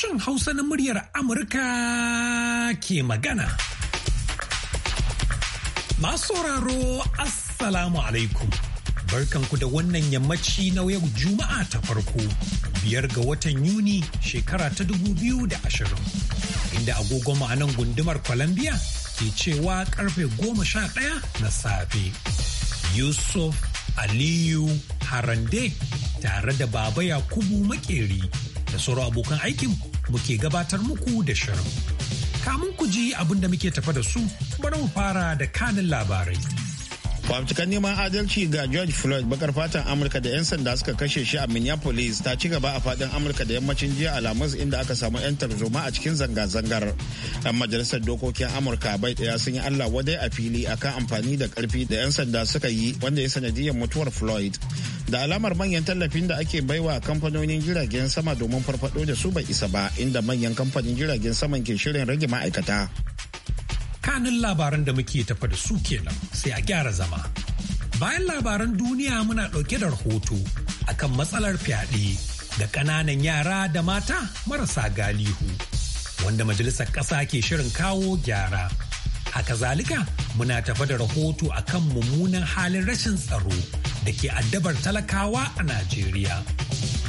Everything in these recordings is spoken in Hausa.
sashen Hausa na muryar Amurka ke magana. Masu sauraro Assalamu alaikum. Barkanku da wannan yammaci na yau Juma'a ta farko, biyar ga watan Yuni shekara ta dubu biyu da ashirin, Inda agogo ma'anan gundumar Columbia ke cewa karfe goma sha ɗaya na safe. Yusuf Aliyu Harande tare da Baba Yakubu Makeri da sauran abokan aikin muke gabatar muku da shirin. Kamun ku ji abin da muke tafa da su bari mu fara da kanin labarai. Fafutukan neman adalci ga George Floyd bakar fatan Amurka da 'yan sanda suka kashe shi a Minneapolis ta ci gaba a fadin Amurka da yammacin jiya Alhamis inda aka samu 'yan tarzoma a cikin zanga-zangar. Yan majalisar dokokin Amurka bai daya, sun yi Allah wadai a fili akan amfani da ƙarfi da 'yan sanda suka yi wanda ya sanadiyar mutuwar Floyd. da alamar manyan tallafin da ake baiwa kamfanonin jiragen sama domin farfado da su bai isa ba inda manyan kamfanin jiragen saman ke shirin rage ma'aikata kanin labaran da muke tafa da su kenan sai a gyara zama bayan labaran duniya muna ɗauke da rahoto akan matsalar fyaɗe da ƙananan yara da mata marasa galihu wanda majalisar ƙasa ke shirin kawo gyara haka zalika muna tafa da rahoto akan mummunan halin rashin tsaro da ke addabar talakawa a Najeriya.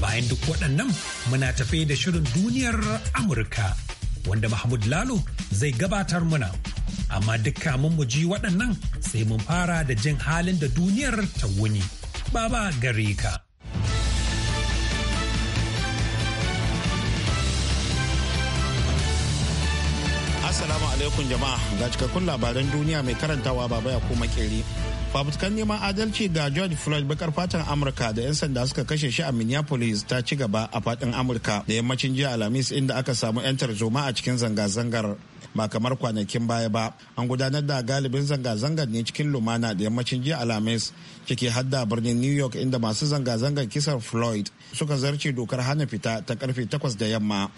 Bayan duk waɗannan muna tafe da shirin duniyar Amurka wanda Mahmud Lalo zai gabatar muna. Amma dukka mun mu ji waɗannan sai mun fara da jin halin da duniyar ta wuni. Baba gare ka. Assalamu alaikum jama'a ga cikakkun labaran duniya mai karantawa baba ya kuma keri. fafutukan neman adalci ga george floyd bakar fatan amurka da 'yan sanda suka kashe shi a minneapolis ta ci gaba a fadin amurka da yammacin jiya alhamis inda aka samu 'yan tarzoma a cikin zanga-zangar ba kamar kwanakin baya ba an gudanar da galibin zanga-zangar ne cikin lumana da yammacin jiya alhamis ciki hadda birnin new york inda masu zanga-zangar kisar floyd suka zarce dokar hana fita ta karfe 8 da yamma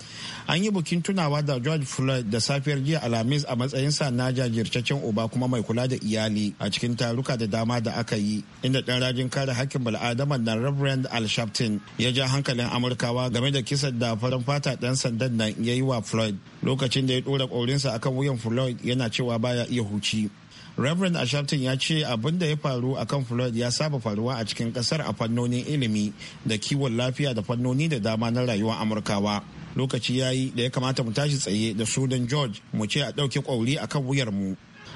an yi bukin tunawa da george floyd da safiyar jiya alhamis a matsayinsa na jajircaccen uba kuma mai kula da iyali a cikin taruka da dama da aka yi inda dan rajin kare hakkin bal'adama na reverend al shaftin ya ja hankalin amurkawa game da kisan da farin fata dan sandan nan ya yi wa floyd lokacin da ya ɗora ƙorin hankalinsa akan wuyan Floyd yana cewa baya iya huci. Reverend Ashafton ya ce abin da ya faru a kan Floyd ya saba faruwa a cikin kasar a fannonin ilimi da kiwon lafiya da fannoni da dama na rayuwar Amurkawa. Lokaci ya yi da ya kamata mu tashi tsaye da sunan George mu ce a ɗauke kwauri a kan mu.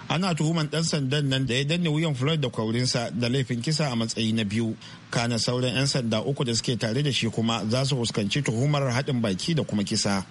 Ana tuhuman ɗan sandan nan da ya danne wuyan Floyd da kwaurinsa da laifin kisa a matsayi na biyu. Kana sauran 'yan sanda uku da suke tare da shi kuma za su fuskanci tuhumar haɗin baki da kuma kisa.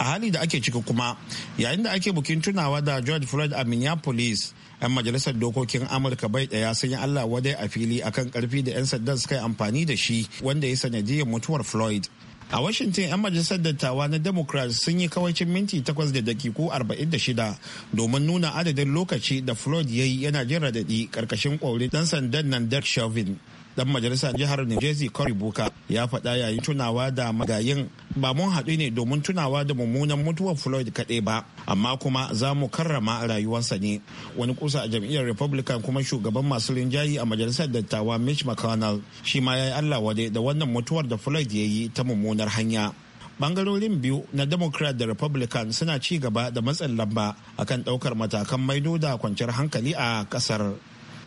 a hali da ake ciki kuma yayin da ake bukin tunawa da george floyd a minneapolis 'yan majalisar dokokin amurka bai daya sun yi allah wadai a fili akan karfi da 'yan sandan suka yi amfani da shi wanda ya sanadiyar mutuwar floyd a washington 'yan majalisar dattawa na democrats sun yi kawancin minti takwas da dakiku shida, domin nuna adadin lokaci da floyd ya yi yana jin radadi karkashin kwauri dan sandan nan derek chauvin dan majalisa jihar New Jersey Cory Buka ya faɗa yayin tunawa da magayin ba mun haɗu ne domin tunawa da mummunan mutuwar Floyd kaɗai ba amma kuma za mu karrama rayuwarsa ne wani kusa a jam'iyyar Republican kuma shugaban masu rinjayi a majalisar dattawa Mitch McConnell shi ma ya yi Allah wade da wannan mutuwar da Floyd ya yi ta mummunar hanya bangarorin biyu na democrat da republican suna ci gaba da matsin lamba akan ɗaukar matakan maido da kwanciyar hankali a ƙasar.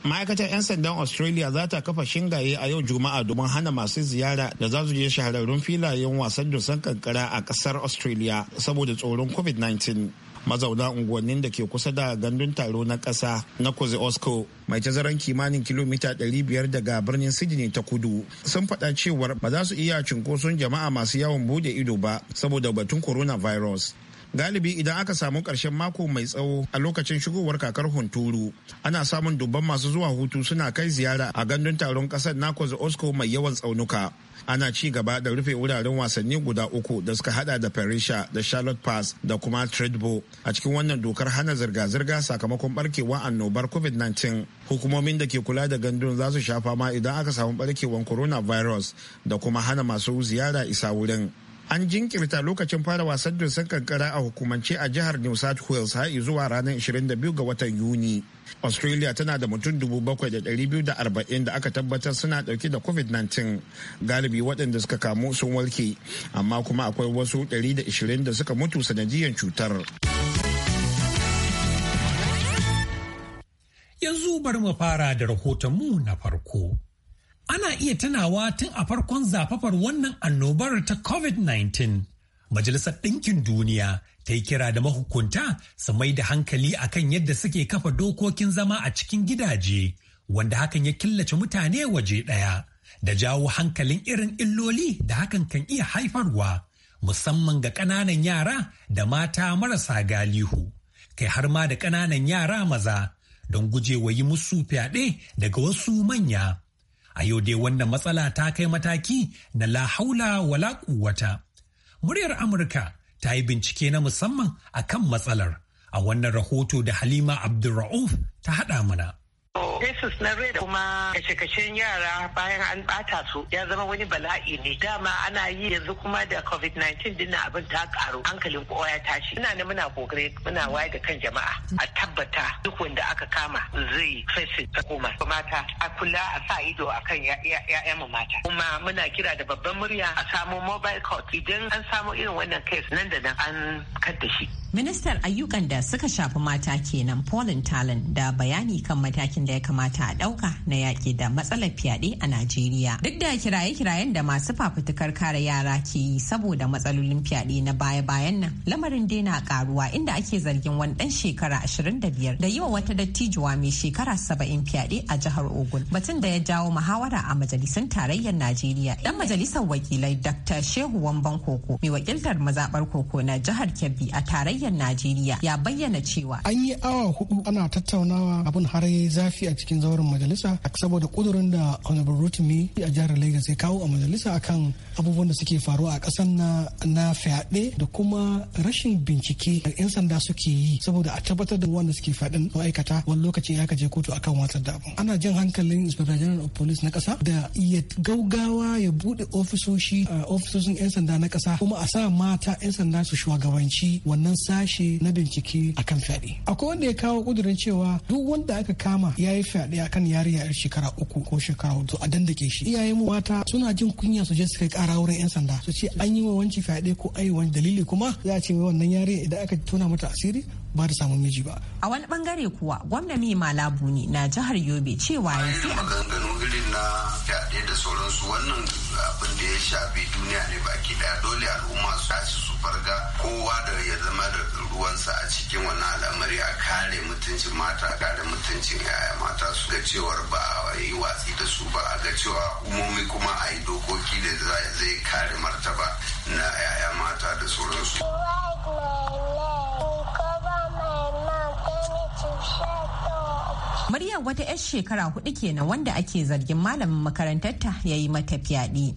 ma'aikatar 'yan sandan australia za ta kafa shingaye a yau juma'a domin hana masu ziyara da za su je shahararrun filayen wasan dusan kankara a kasar australia saboda tsoron covid-19 mazauna unguwannin da ke kusa da gandun taro na ƙasa na kuzi osco mai tazaran kimanin kilomita 500 daga birnin sydney ta kudu sun faɗa cewar ba za su iya cunkoson jama'a masu yawon bude ido ba saboda batun coronavirus galibi idan aka samu ƙarshen mako mai tsawo a lokacin shigowar kakar hunturu ana samun dubban masu zuwa hutu suna kai ziyara a gandun taron ƙasar nakoz osco mai yawan tsaunuka ana ci gaba da rufe wuraren wasanni guda uku da suka hada da Parisha da Charlotte Pass da kuma Tradebo a cikin wannan dokar hana zirga-zirga sakamakon barkewa annobar COVID-19. Hukumomin da ke kula da gandun za su shafa ma idan aka samu corona coronavirus da kuma hana masu ziyara isa wurin. an jinkirta lokacin fara wasan dusan kankara a hukumance a jihar new south wales har zuwa ranar 22 ga watan yuni australia tana da mutum 7,240 da aka tabbatar suna dauke da covid-19 galibi waɗanda suka kamu sun warke amma kuma akwai wasu 120 da suka mutu sanadiyar cutar yanzu bar mu fara da rahoton mu na farko Ana iya tunawa tun a farkon zafafar wannan annobar ta COVID-19. Majalisar Ɗinkin Duniya ta yi kira da mahukunta su mai da hankali akan yadda suke kafa dokokin zama a cikin gidaje, wanda hakan ya killace mutane waje ɗaya, da jawo hankalin irin illoli da hakan kan iya haifarwa, musamman ga ƙananan yara da mata marasa galihu, kai har ma da ƙananan yara maza, don guje wa yi musu fyaɗe daga wasu manya. A yau dai wannan matsala ta kai mataki na la haula wala quwwata. Muryar Amurka ta yi bincike na musamman akan matsalar a wannan rahoto da Halima Abdulra'uf ta haɗa mana. Jesus na rai da kuma kashe-kashen yara bayan an bata su ya zama wani bala'i ne dama ana yi yanzu kuma da covid-19 dinna abin ta karu hankalin kowa ya tashi ina ne muna kokari muna waye da kan jama'a a tabbata duk wanda aka kama zai fesin hukuma mata a kula a sa ido a kan ya'ya mu mata kuma muna kira da babban murya a samu mobile court idan an samu irin wannan case nan da nan an kadda shi ministan ayyukan da suka shafi mata kenan Paulin Talon da bayani kan matakin da ya kamata a ɗauka na yaƙi da matsalar fyaɗe a najeriya duk da kiraye-kirayen da masu fafutukar kare yara ke yi saboda matsalolin fyaɗe na baya-bayan nan lamarin daina karuwa inda ake zargin wani ɗan shekara 25 da yi wa wata dattijuwa mai shekara 70 fyaɗe a jihar ogun batun da ya jawo muhawara a majalisun tarayyar najeriya ɗan majalisar wakilai dr shehu wamban koko mai wakiltar mazaɓar koko na jihar kebbi a tarayyar tarayyar Najeriya ya bayyana cewa an yi awa hudu ana tattaunawa abun har zafi a cikin zauren majalisa saboda kudurin da Honorable Rotimi a jihar Lagos ya kawo a majalisa akan abubuwan da suke faruwa a kasan na na fyaɗe da kuma rashin bincike da 'yan sanda suke yi saboda a tabbatar da wanda suke faɗin aikata wani lokaci ya je kotu akan watsar da abu ana jan hankalin inspector general of police na kasa da ya gaugawa ya buɗe ofisoshi ofisoshin 'yan sanda na kasa kuma a sa mata 'yan sanda su shugabanci wannan sashi na bincike akan fyaɗe akwai wanda ya kawo kudurin cewa duk wanda aka kama ya yi fyaɗe akan yariya yar shekara uku ko shekara hudu a dandake shi iyayen mu mata suna jin kunya su je su kai kara wurin yan sanda su ce an yi wa wanci fyaɗe ko ayi wani dalili kuma za a ce wannan yariya idan aka tona mata asiri ba da samun miji ba a wani bangare kuwa gwamna mai malabu ne na jihar yobe cewa ya sai maganganu na fyaɗe da sauransu wannan abin da ya shafi duniya ne baki daya dole al'umma su tashi su farga kowa da ya zama da ruwansa a cikin wannan al'amari a kare mutuncin mata a kare mutuncin yaya mata su ga cewar ba a yi watsi da su ba a ga cewa umomi kuma a yi dokoki da zai kare martaba na yaya mata da sauransu. Maryam wata 'yar shekara hudu kenan wanda ake zargin malamin makarantarta ya yi mata fyaɗe.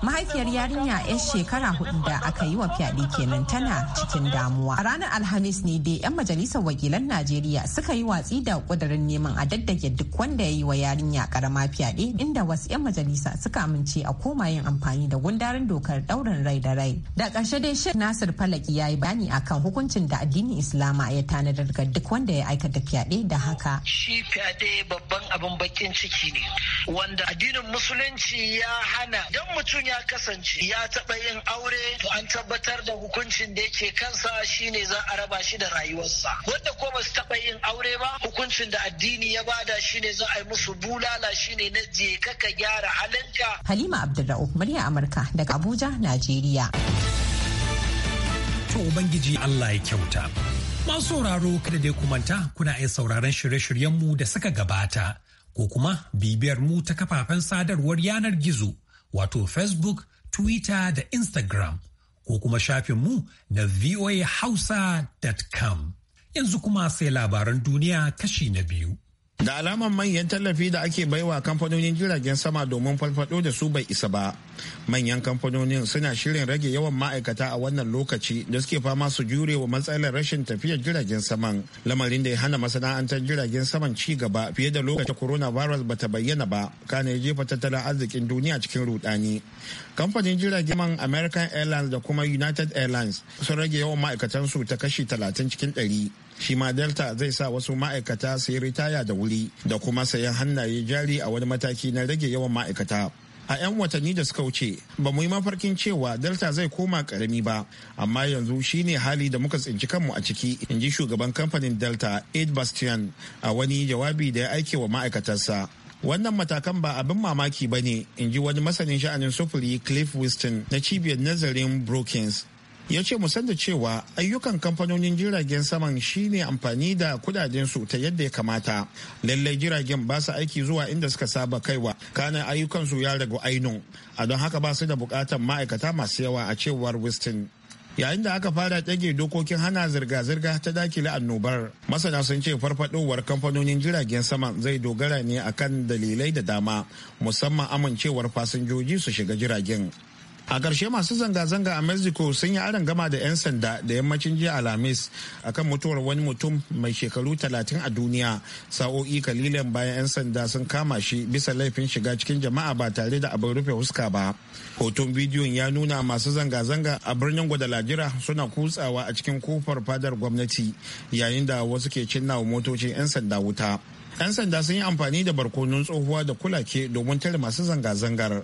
Mahaifiyar yarinya yan shekara hudu da aka yi wa fyaɗe kenan tana cikin damuwa. A ranar Alhamis ne dai 'yan majalisar wakilan Najeriya suka yi watsi da ƙudurin neman a daddage duk wanda ya yi wa yarinya karama fyaɗe inda wasu 'yan majalisa suka amince a koma yin amfani da gundarin dokar ɗaurin rai da rai. Da ƙarshe dai Sheikh Nasir Falaki ya yi bayani akan hukuncin da addinin Islama ya tanadar ga duk wanda ya aikata fyaɗe da haka. Shi fyaɗe babban abin bakin ciki ne wanda addinin Musulunci ya hana don mutum ya kasance ya taɓa yin aure to an tabbatar da hukuncin da yake kansa shine za a raba shi da rayuwarsa wanda ko ba su taɓa yin aure ba hukuncin da addini ya bada shine za a yi musu bulala shine na je kaka gyara halinka halima abdulra'uf murya amurka daga abuja najeriya to ubangiji allah ya kyauta masu sauraro kada dai kumanta kuna iya sauraron shirye-shiryenmu da suka gabata ko kuma bibiyar mu ta kafafen sadarwar yanar gizo wato Facebook, Twitter da Instagram ko kuma shafin mu na voahausa.com. Yanzu kuma sai labaran duniya kashi na biyu. da alaman manyan tallafi da ake baiwa kamfanonin jiragen sama domin farfado da su bai isa ba manyan kamfanonin suna shirin rage yawan ma'aikata a wannan lokaci da suke fama su jure wa matsalar rashin tafiyar jiragen saman lamarin da ya hana masana'antar jiragen saman ci gaba fiye da lokacin coronavirus bata bayyana ba kana ya jefa tattalin arzikin duniya cikin rudani kamfanin jiragen saman american airlines da kuma united airlines sun rage yawan ma'aikatansu ta kashi 30 cikin 100 shi ma delta zai sa wasu ma'aikata su yi ritaya da wuri da kuma sayan hannaye jari a wani mataki na rage yawan ma'aikata a 'yan watanni da suka wuce ba mu yi mafarkin cewa delta zai koma karami ba amma yanzu shine hali da muka tsinci kanmu a ciki in ji shugaban kamfanin delta aid bastian a wani jawabi da ya aike wa ma'aikatarsa wannan matakan ba abin mamaki ba ne in ji wani masanin sha'anin sufuri cliff winston na cibiyar nazarin brookings ya ce musan da cewa ayyukan kamfanonin jiragen saman shine amfani da kudadensu ta yadda ya kamata lallai jiragen ba su aiki zuwa inda suka saba kaiwa kanan ayyukansu ya ragu ainun a don haka ba su da bukatan ma'aikata masu yawa a cewar Winston. yayin da aka fara ɗage dokokin hana zirga-zirga ta dakile annobar masana sun ce farfadowar kamfanonin jiragen sama zai dogara ne akan dalilai da dama musamman amincewar fasinjoji su shiga jiragen a ƙarshe masu zanga-zanga a mexico sun yi aron gama da 'yan sanda da yammacin jiya alhamis akan mutuwar wani mutum mai shekaru 30 a duniya sa'o'i kalilan bayan 'yan sanda sun kama shi bisa laifin shiga cikin jama'a ba tare da abin rufe huska ba hoton bidiyon ya nuna masu zanga-zanga a birnin guadalajara suna kutsawa a cikin kofar fadar gwamnati yayin da wasu ke cinnawa motocin 'yan sanda wuta 'yan sanda sun yi amfani da barkonon tsohuwa da kulake domin tare masu zanga-zangar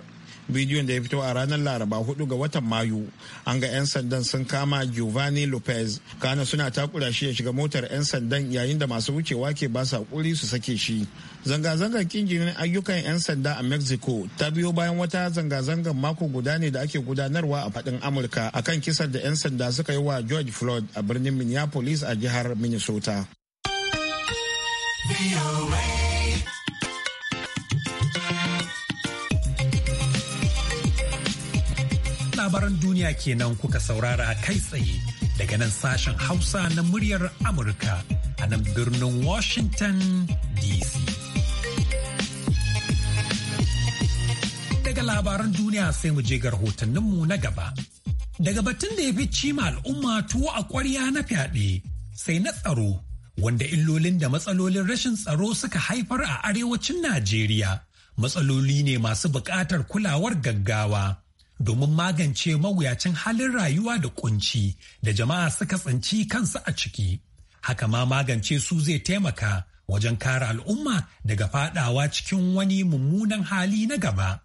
bidiyon da ya fito a ranar laraba 4 ga watan mayu an ga 'yan sandan sun kama giovanni lopez kana suna takura shi ya shiga motar 'yan sandan yayin da masu wucewa ke ba sa kuri su sake shi zanga-zangar kinjinin ayyukan 'yan sanda a mexico ta biyo bayan wata zanga-zangar mako guda ne da ake gudanarwa a faɗin amurka akan kisar da 'yan sanda suka yi wa george floyd a birnin minneapolis a jihar minnesota. labaran duniya kenan kuka saurara kai tsaye daga nan sashen Hausa na muryar Amurka a nan birnin Washington DC. Daga labaran duniya sai mu je ga rahotanninmu na gaba. Daga batun da ya fi cima al'umma tuwo a ƙwarya na fyaɗe sai na tsaro wanda illolin da matsalolin rashin tsaro suka haifar a arewacin Najeriya matsaloli ne masu buƙatar kulawar gaggawa. domin magance mawuyacin halin rayuwa da kunci da jama'a suka tsanci kansu a ciki. Haka ma magance su zai taimaka wajen kare al'umma daga fadawa cikin wani mummunan hali na gaba.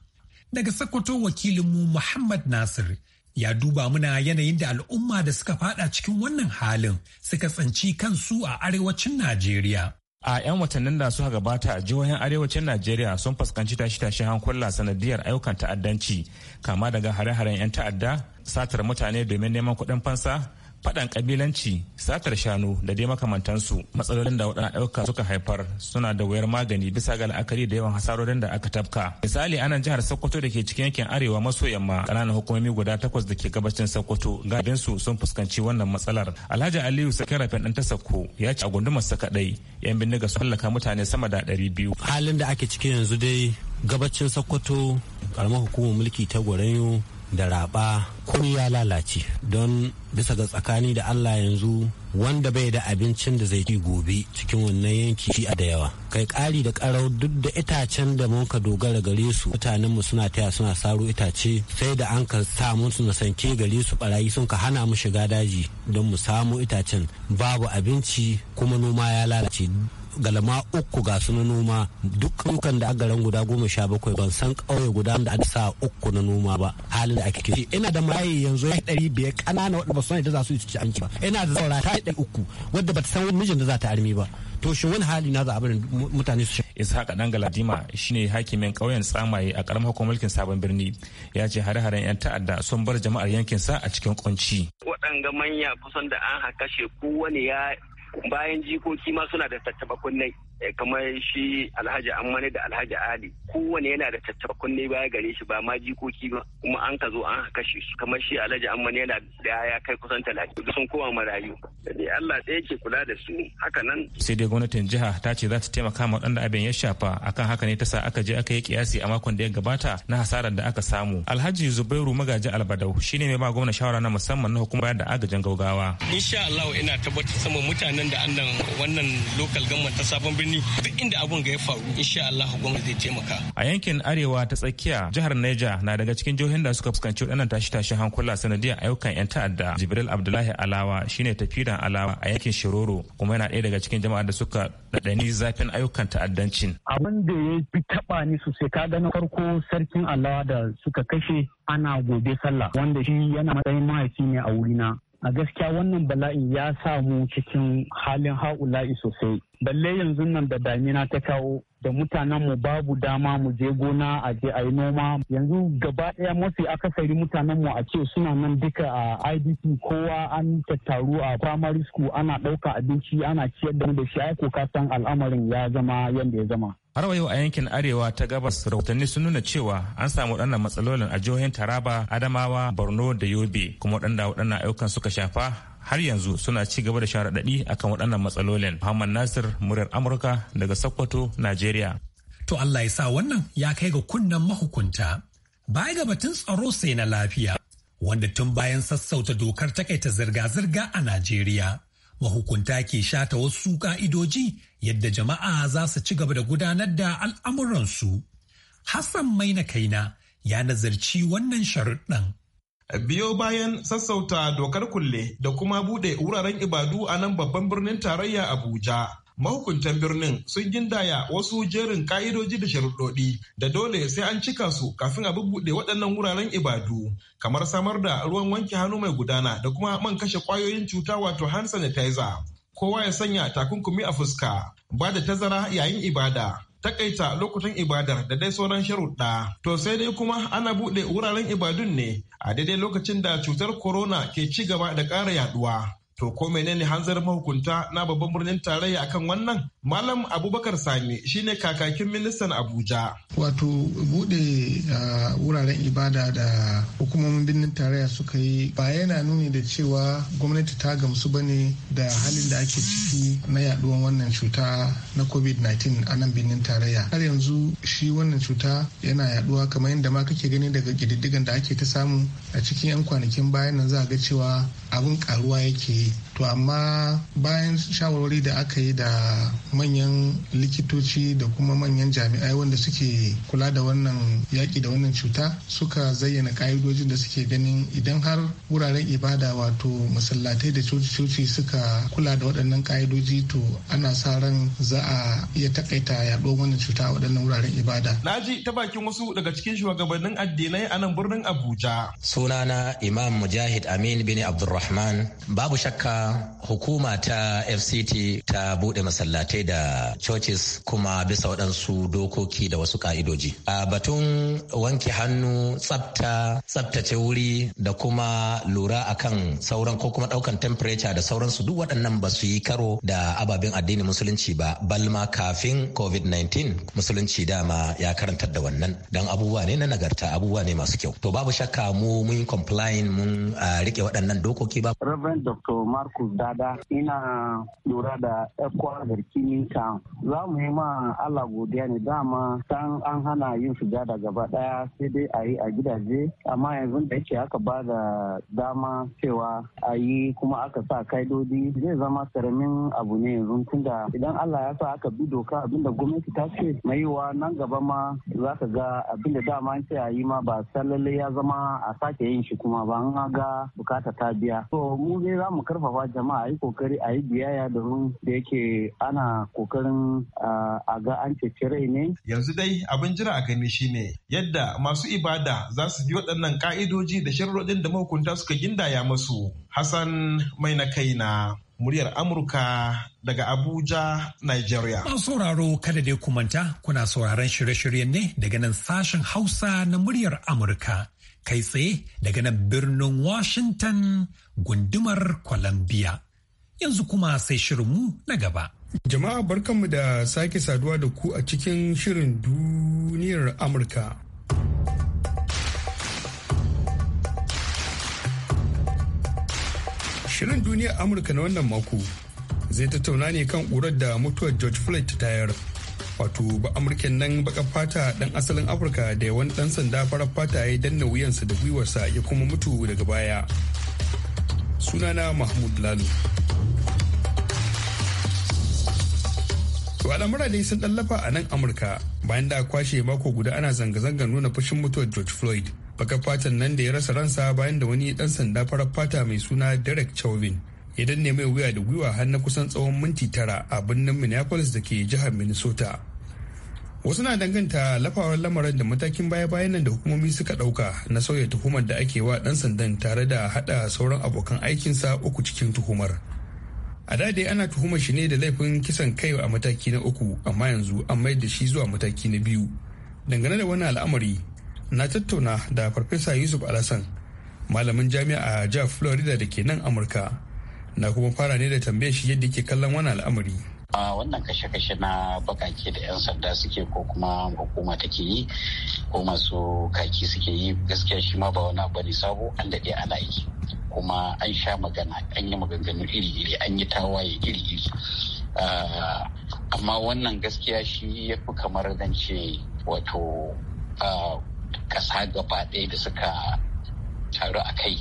Daga Sokoto wakilinmu Muhammad Nasir ya duba muna yanayin da al'umma da suka fada cikin wannan halin suka tsanci kansu a arewacin Najeriya. a 'yan watannin da suka gabata a jihohin arewacin najeriya sun fuskanci tashi-tashi hankula sanadiyar ayyukan ta'addanci kama daga hare-haren 'yan ta'adda satar mutane domin neman kuɗin fansa faɗan kabilanci satar shanu da dai makamantansu matsalolin da waɗannan ɗauka suka haifar suna da wayar magani bisa ga la'akari da yawan hasarorin da aka tafka misali anan jihar sokoto da ke cikin yankin arewa maso yamma kananan hukumomi guda takwas da ke gabacin sokoto su sun fuskanci wannan matsalar alhaji aliyu sakarafin ɗan ta sakko ya ce a gundumar sa kaɗai yan bindiga su hallaka mutane sama da ɗari biyu halin da ake ciki yanzu dai gabacin sokoto karamar hukumar mulki ta gwarayo da raba komai ya lalace don bisa ga tsakani da allah yanzu wanda bai da abincin da zai ci gobe cikin wannan yanki shi a da yawa kai kari da karau duk da itacen da muka dogara gare su mutanenmu suna taya suna saro itace sai da an ka samu su na sanke gare su barayi sun ka hana mu shiga daji don mu samu itacen babu abinci kuma noma ya lalace galama uku ga na noma dukkan da agaran guda goma sha bakwai ban san ƙauye guda da aka sa uku na noma ba halin da ake ciki ina da maye yanzu ya ɗari biyar ƙanana waɗanda ba su da za su ci abinci ba ina da zaura ta ɗari uku wadda ba ta san mijin da za ta armi ba to shi wani hali na za a bari mutane su ishaq dan galadima shine hakimin ƙauyen tsamaye a ƙaramin hukumar mulkin sabon birni ya ce hare-haren 'yan ta'adda sun bar jama'ar yankinsa a cikin kunci waɗanga manya kusan da an haka ne ya bayan jikoki ma suna da tattaɓa kunnai Eh, kamar shi alhaji ammani da alhaji ali kowane yana da tattakun ne baya gare shi ba ma jikoki ba kuma an ka zo an kashe su kamar shi alhaji ammani yana da ya kai kusan talatin sun kowa marayu da allah ɗaya ke kula da su haka nan sai dai gwamnatin jiha ta ce za ta taimaka ma waɗanda abin ya shafa akan haka ne ta sa aka je aka yi kiyasi a makon da ya gabata na hasarar da aka samu alhaji zubairu magaji albadau shine mai ba gwamna shawara na musamman na hukumar da agajin gaugawa insha allah ina tabbatar sama mutanen da annan wannan lokal gamman ta sabon birni birni duk inda abun ga ya faru insha Allah gwamnati zai taimaka a yankin arewa ta tsakiya jihar Neja na daga cikin jihohin da suka fuskanci waɗannan tashi-tashi hankula sanadiyar ayyukan 'yan ta'adda Jibril Abdullahi Alawa shine tafidan Alawa a yankin Shiroro kuma yana daya daga cikin jama'ar da suka ɗaɗani zafin ayyukan ta'addancin abin da ya fi taɓa ni sosai ka gano na farko sarkin Alawa da suka kashe ana gobe sallah wanda shi yana matsayin mahaifi ne a wurina a gaskiya wannan bala'in ya sa mu cikin halin ha'ula'i sosai balle yanzu nan da damina ta kawo da mutanen mu babu dama mu je gona a je a yi noma yanzu gaba ɗaya mafi akasari mutanen mu a ce suna nan duka a idp kowa an tattaru a primary school ana ɗauka abinci ana ciyar da mu da shi ai ko san al'amarin ya zama yadda ya zama har wa yau a yankin arewa ta gabas rahotanni sun nuna cewa an samu waɗannan matsalolin a jihohin taraba adamawa borno da yobe kuma waɗanda waɗannan ayyukan suka shafa har yanzu suna ci gaba da sharaɗaɗi akan waɗannan matsalolin muhammad nasir muryar amurka daga sokoto najeriya to allah ya sa wannan ya kai ga kunnen mahukunta baya ga batun tsaro sai na lafiya wanda tun bayan sassauta dokar takaita zirga-zirga a najeriya mahukunta ke shata wasu ka'idoji yadda jama'a za su ci gaba da gudanar da al'amuransu. Hassan Maina Kaina ya nazarci wannan sharuɗan. biyo bayan sassauta dokar kulle da kuma buɗe wuraren ibadu a nan babban birnin tarayya Abuja. mahukuntan birnin sun gindaya wasu jerin ka'idoji da sharuɗoɗi da dole sai an cika su kafin a bubbuɗe waɗannan wuraren ibadu kamar samar da ruwan wanke hannu mai gudana da kuma man kashe ƙwayoyin cuta wato hand sanitizer kowa ya sanya takunkumi a fuska ba da tazara yayin ibada takaita lokutan ibadar da dai sauran sharuɗa. To sai dai kuma ana buɗe wuraren ibadun ne a daidai lokacin da cutar corona ke ci gaba da ƙara yaduwa. To ko menene hanzar mahukunta na babban birnin tarayya akan wannan? Malam Abubakar Sani shine kakakin ministan Abuja. Wato bude wuraren ibada da hukumomin birnin tarayya suka yi ba yana nuni da cewa gwamnati ta gamsu ba ne da halin da ake ciki na yaduwan wannan cuta na COVID-19 a nan birnin tarayya. Har yanzu shi wannan cuta yana yaduwa kamar yadda ma kake gani daga kididdigan da ake ta samu a cikin 'yan kwanakin bayan nan za ga cewa abin karuwa yake the to amma bayan shawarwari da aka yi da manyan likitoci da kuma manyan jami'ai wanda suke kula da wannan yaƙi da wannan cuta suka zayyana ƙa'idojin da suke ganin idan har wuraren ibada wato masallatai da coci-coci suka kula da waɗannan ƙa'idoji to ana sa ran za a iya takaita yaɗuwar wannan cuta a waɗannan wuraren ibada. Na ji ta bakin wasu daga cikin shugabannin addinai a nan birnin Abuja. Sunana Imam Mujahid Amin bin Abdulrahman babu shakka hukuma ta FCT ta buɗe masallatai da churches kuma bisa waɗansu dokoki da wasu ka'idoji. A batun wanke hannu, tsafta, tsaftace wuri da kuma lura akan sauran ko kuma ɗaukan temperature da sauransu duk waɗannan ba su yi karo da ababen addini musulunci ba balma kafin COVID-19 musulunci dama ya karantar da wannan don abubuwa ne na nagarta abubuwa ne masu kyau. To babu shakka mu mun complying mun ah, rike waɗannan dokoki ba. Reverend Dr. kudada dada ina lura da ekwa garkini za mu yi ma allah godiya ne dama san an hana yin da gaba daya sai dai a yi a gidaje amma yanzu da yake aka ba da dama cewa a yi kuma aka sa kaidodi zai zama karamin abu ne yanzu tunda idan allah ya sa aka bi doka abinda gwamnati ta ce mai wa nan gaba ma za ka ga abinda dama ce a yi ma ba sai ya zama a sake yin shi kuma ba an ga bukata ta biya so mu dai za mu karfafa jama'a yi kokari a yi biyayya domin da yake ana kokarin a ga an ceci rai ne. Yanzu dai abin jira a gani shine yadda masu ibada za su bi waɗannan ka'idoji da sharuɗin da mahukunta suka gindaya masu. Hassan mai na kai na muryar Amurka daga Abuja, Nigeria. Masu sauraro kada dai kumanta kuna sauraron shirye-shiryen ne daga nan sashen Hausa na muryar Amurka. kai tsaye daga nan birnin Washington gundumar Columbia. Yanzu kuma sai shirinmu na gaba. Jama'a barkanmu da sake saduwa da ku a cikin shirin duniyar Amurka. Shirin duniyar Amurka na wannan mako zai tattauna ne kan ƙurar da mutuwar George Floyd ta tayar. wato ba amurken nan baka fata dan asalin afirka da yawan dan sanda farar fata ya danna wuyansa da gwiwarsa ya kuma mutu daga baya sunana mahmud lalu wa al'amura dai sun ɗallafa a nan amurka bayan da kwashe mako guda ana zanga-zanga nuna fushin mutuwar george floyd baka fatan nan da ya rasa ransa bayan da wani dan sanda farar fata mai suna derek chauvin idan ne mai wuya da gwiwa har na kusan tsawon minti tara a birnin minneapolis da ke jihar minnesota wasu na danganta lafawar lamarin da matakin baya-bayan nan da hukumomi suka dauka na sauya tuhumar da ake wa dan sandan tare da haɗa sauran abokan aikinsa uku cikin tuhumar a da dai ana tuhumar shi ne da laifin kisan kai a mataki na uku amma yanzu an mayar da shi zuwa mataki na biyu dangane da wani al'amari na tattauna da farfesa yusuf alasan malamin jami'a a jihar florida da ke nan amurka na kuma fara ne da tambayar shi yadda ke kallon wani al'amari a wannan kashe-kashe na bakake da 'yan sanda suke ko kuma hukuma take yi ko masu kaki suke yi gaskiya shi ma ba wani bane sabo an daɗe ana yi kuma an sha magana an yi maganganu iri-iri an yi tawaye iri-iri amma wannan gaskiya shi ya fi kamar zance wato ƙasa gaba ɗaya da suka taru a kai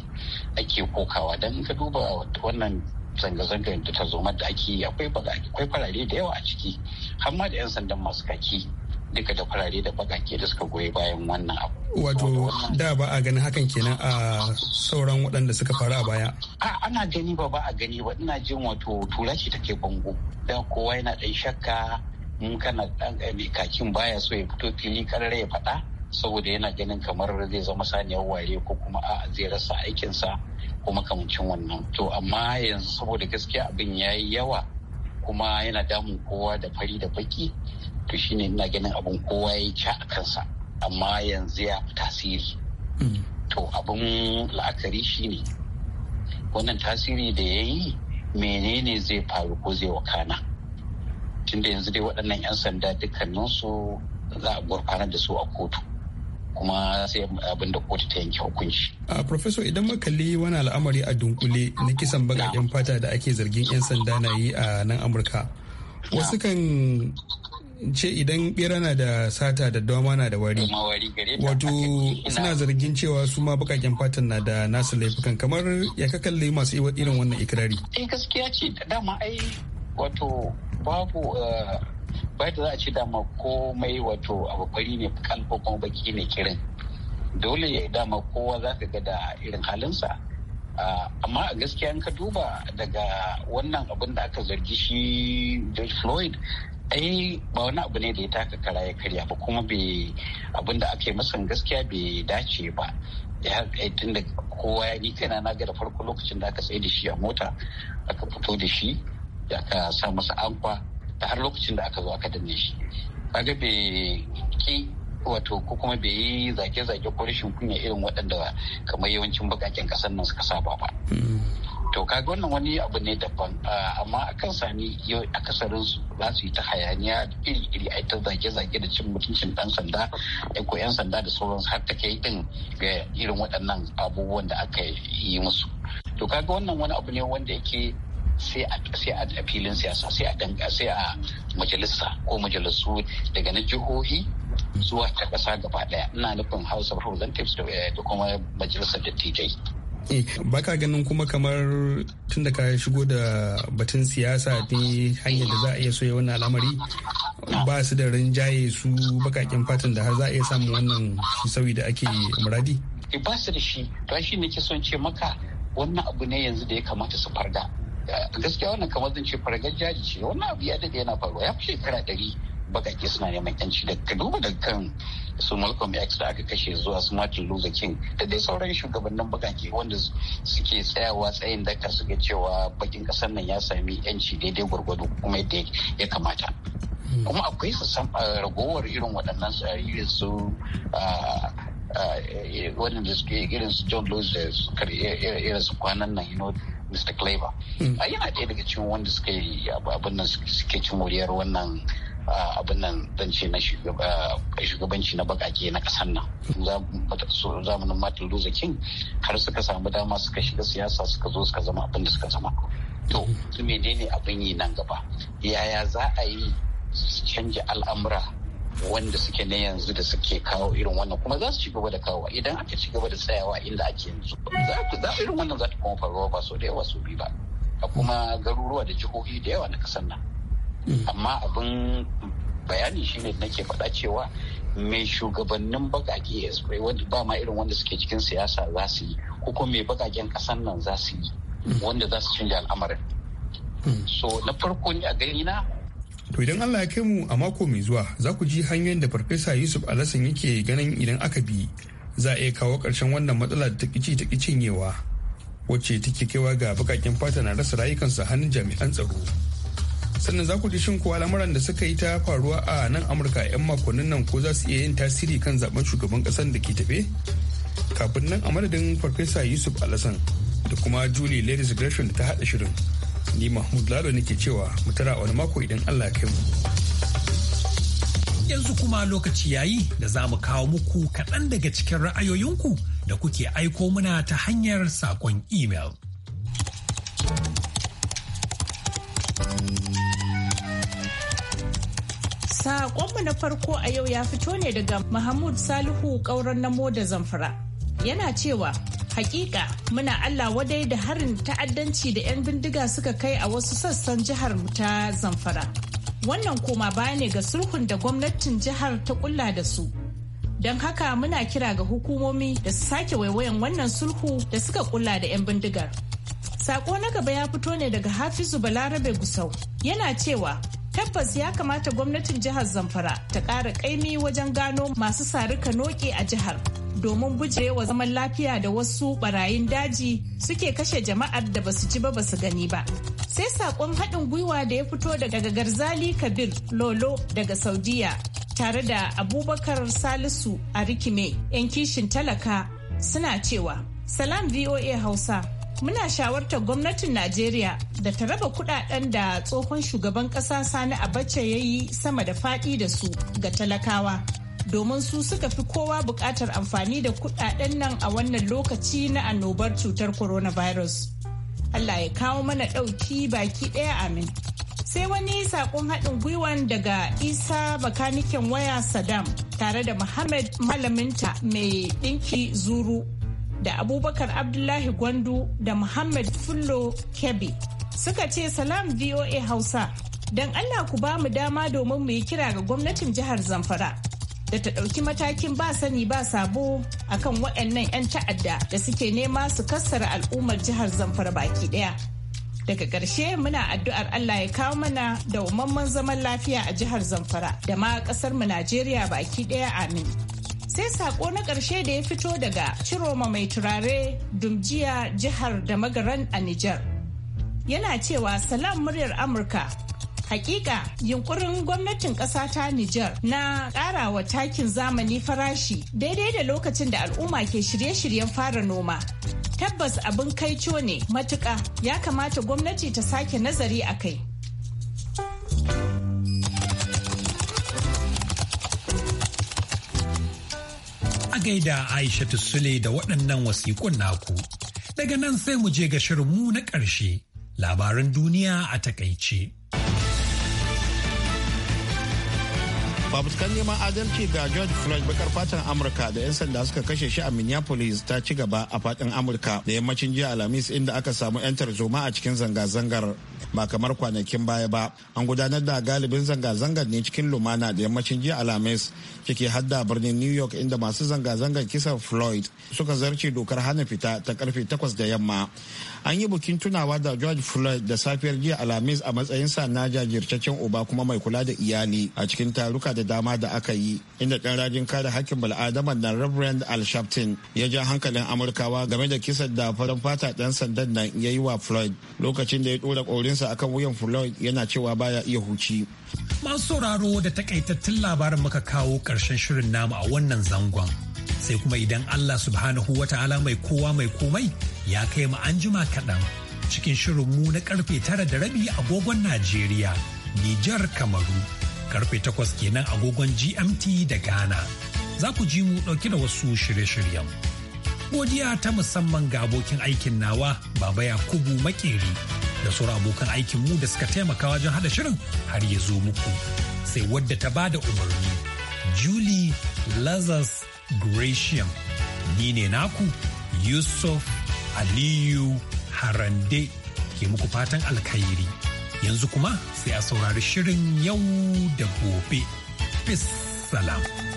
ake kokawa don ka duba wannan zanga-zangar da ta zoma da ake yi akwai farare da yawa a ciki har ma da 'yan sandan masu kaki duka da farare da bakake da suka goyi bayan wannan abu. Wato da ba a gani hakan kenan a sauran waɗanda suka faru a baya. A ana gani ba ba a gani ba ina jin wato tura ce take bango da kowa yana ɗan shakka mun kana ɗan eh, kakin baya so ya fito fili karare ya faɗa saboda yana ganin kamar zai zama saniyar waye ko kuma a zai rasa aikinsa ko makamancin wannan to amma yanzu saboda gaskiya abin ya yi yawa kuma yana damun kowa da fari da baki to shine ina ganin abin kowa ya ci a kansa amma yanzu ya fi tasiri mm. to abin la'akari shine wannan tasiri da ya yi menene zai faru ko zai wakana tunda yanzu dai waɗannan 'yan sanda dukkaninsu za a gurfanar da su a kotu kuma sai abin da kotu ta yanke hukunci. a Profesor idan makalli wani al'amari a dunkule na kisan bagaken fata da ake zargin 'yan sanda na yi a nan amurka wasu kan ce idan bera na da sata da doma na da wari wato suna zargin cewa su ma bukaken fatan na da nasu laifukan kamar ya ka kalli masu irin wannan ikirari eh gaskiya ce dama ai wato babu eh, ba da za a ci dama komai wato abu fari ne kan ko kuma baki ne kirin dole ya dama kowa za ka ga da irin halinsa amma a gaskiya ka duba daga wannan abin da aka zargi shi George Floyd ai ba wani abu ne da ya taka kara ya karya ba kuma bai abin da aka yi masa gaskiya bai dace ba ya tun da kowa ya yi kana na ga da farko lokacin da aka tsaye da shi a mota aka fito da shi aka sa masa ankwa da har lokacin da aka zo aka danne shi kaga bai ki wato ko kuma bai yi zage-zage ko rashin kunya irin waɗanda kamar yawancin bakaken ƙasar nan suka saba ba to kaga wannan wani abu ne daban amma akan sami akasarin su za su yi ta hayaniya iri-iri a ta zage-zage da cin mutuncin ɗan sanda da ko yan sanda da sauransu har ta kai din ga irin waɗannan abubuwan da aka yi musu to kaga wannan wani abu ne wanda yake sai a filin siyasa sai a danka sai a majalisa ko majalisu daga na jihohi zuwa ta kasa gaba daya ina nufin house of representatives da eh, kuma majalisar dattijai eh, baka ganin kuma kamar tun da ka shigo da batun siyasa ta hanyar da za a iya soya wannan al'amari ba su da rinjaye su bakakin fatan da har za a iya samun wannan sauyi da ake muradi eh, ba su da shi to shi nake son ce maka wannan abu ne yanzu da ya kamata su farga Eh, gaskiya wannan kamar zan ce fargar jaji ce wannan abu ya daɗe yana faruwa ya fi shekara ɗari bakake suna neman yanci da ka duba da kan su Malcolm X da aka kashe zuwa su Martin Luther King da dai sauran shugabannin bakake wanda suke tsayawa tsayin daka su ga cewa bakin kasar nan ya sami yanci daidai gwargwado kuma yadda ya kamata hmm. kuma akwai su eh, ragowar irin waɗannan tsari su eh, ah, ah, da suke irin su John Lewis da irin su kwanan nan mr clever hmm. a yana ɗaya daga cikin wanda suka yi abin nan suke cin wuriyar wannan abin nan zance na shugabanci na bakake na ƙasar nan hmm. zamanin martin luther king har suka samu dama suka shiga siyasa suka zo suka zama abin da suka zama to hmm. su menene abin yi nan gaba yaya za a yi canja al'amura wanda suke na yanzu da suke kawo irin wannan kuma za su ci gaba da kawo idan aka ci gaba da tsayawa inda ake yanzu za irin wannan za ta kuma faruwa ba so da yawa su bi ba a kuma garuruwa da jihohi da yawa na kasan nan mm. amma abin bayani shine nake faɗa cewa mai shugabannin bakake eskwai wanda ba ma irin wanda suke cikin siyasa za su yi ko kuma mai bakaken kasan nan za su yi mm. wanda za su canja al'amarin mm. so na farko ni a gani na To idan Allah ya kai mu a mako mai zuwa za ku ji hanyoyin da Farfesa Yusuf Alasan yake ganin idan aka bi za a iya kawo ƙarshen wannan matsala da kici ta cinyewa wacce take kaiwa ga bukakin fata na rasa rayukansa hannun jami'an tsaro. Sannan za ku ji shin kuwa lamuran da suka yi ta faruwa a nan Amurka 'yan makonnin nan ko za su iya yin tasiri kan zaben shugaban ƙasar da ke tafe? Kafin nan a madadin Farfesa Yusuf Alasan da kuma Julie Ladies Gresham da ta haɗa shirin. ni mahmud lalo nake cewa mu tara wani mako idan allah ya kai mu yanzu kuma lokaci yayi da za mu kawo muku kaɗan daga cikin ra'ayoyinku da kuke aiko muna ta hanyar saƙon imel. Saƙonmu na farko a yau ya fito ne daga Mahmud Salihu ƙauren namo da zamfara. Yana cewa Hakika muna Allah wadai da harin ta'addanci da 'yan bindiga suka kai a wasu sassan jihar ta Zamfara. Wannan koma baya ne ga sulhun da gwamnatin jihar ta kulla da su. Don haka muna kira ga hukumomi da su sake waiwayan wannan sulhu da suka kulla da 'yan bindigar. Sako na gaba ya fito ne daga Hafizu Balarabe Gusau. Yana cewa tabbas ya kamata gwamnatin jihar Zamfara ta ƙara ƙaimi wajen gano masu sarika noƙi a jihar. domin gujewa zaman lafiya da wasu barayin daji suke kashe jama'ar da basu ji ba basu gani ba. Sai saƙon haɗin gwiwa da ya fito daga gagarzali Kabir Lolo daga Saudiya tare da Abubakar Salisu a Rikime 'yan kishin talaka suna cewa Salam VOA Hausa. Muna shawartar gwamnatin Najeriya da ta raba kuɗaɗen da tsohon shugaban ƙasa Sani Abacha ya yi sama da faɗi da su ga talakawa domin su suka fi kowa buƙatar amfani da kuɗaɗen nan a wannan lokaci na annobar cutar coronavirus. Allah ya kawo mana ɗauki baki ɗaya amin. Sai wani saƙon haɗin gwiwan daga Isa bakaniken waya Saddam tare da Muhammad malaminta mai ɗinki zuru da Abubakar Abdullahi Gwandu da Muhammad Fullo Kebbi suka ce salam VOA Hausa. Don Allah ku ba mu dama domin mu yi kira ga gwamnatin jihar Zamfara. da ta ɗauki matakin ba sani ba sabo akan waɗannan 'yan ta'adda da suke nema su kassara al'ummar jihar zamfara baki ɗaya. daga ƙarshe muna addu'ar Allah ya kawo mana da umman zaman lafiya a jihar Zamfara da ma ƙasar mu Najeriya baki ɗaya amin. Sai saƙo na ƙarshe da ya fito daga Ciroma mai turare Dumjiya jihar da magaran a Nijar. Yana cewa salam muryar Amurka Hakika yunkurin gwamnatin ƙasa ta Nijar na ƙarawa takin zamani farashi daidai da lokacin da al'umma ke shirye-shiryen fara noma. Tabbas abin kaico ne matuƙa ya kamata gwamnati ta sake nazari a kai. A gaida Aisha Sule da waɗannan wasiƙun naku. Daga nan sai mu je ga shirinmu na ƙarshe, labaran duniya a takaice. ba fuskan neman adalci ga george floyd bakar fatan amurka da 'yan sanda suka kashe shi a minneapolis ta ci gaba a fadin amurka da yammacin jiya alhamis inda aka samu 'yan tarzoma a cikin zanga-zangar ba kamar kwanakin baya ba an gudanar da galibin zanga-zangar ne cikin lumana da yammacin jiya alhamis ciki hadda birnin new york inda masu zanga-zangar kisan floyd suka zarce dokar hana fita ta karfe 8 da yamma an yi bukin tunawa da george floyd da safiyar jiya alhamis a matsayinsa na jajirtaccen uba kuma mai kula da iyali a cikin taruka da dama da aka yi inda dan rajin kare hakkin bil'adama na reverend al shaftin ya ja hankalin amurkawa game da kisan da farin fata dan sandan nan ya yi wa floyd lokacin da ya ɗora korin takobinsa akan wuyan fulon yana cewa baya iya huci. Masu sauraro da takaitattun labarin muka kawo ƙarshen shirin namu a wannan zangon. Sai kuma idan Allah subhanahu wa ta'ala mai kowa mai komai ya kai mu an jima kaɗan cikin shirin mu na karfe tara da rabi agogon Najeriya, Nijar Kamaru, karfe takwas kenan agogon GMT da Ghana. Za ku ji mu ɗauke da wasu shirye-shiryen. godiya ta musamman ga abokin aikin nawa baba yakubu makeri da sauran abokan aikin mu da suka taimaka wajen hada shirin har ya zo muku sai wadda ta ba da umarni julie lazarus gratian ni ne naku yusuf aliyu harande ke muku fatan alkhairi yanzu kuma sai a saurari shirin yau da gobe bis salam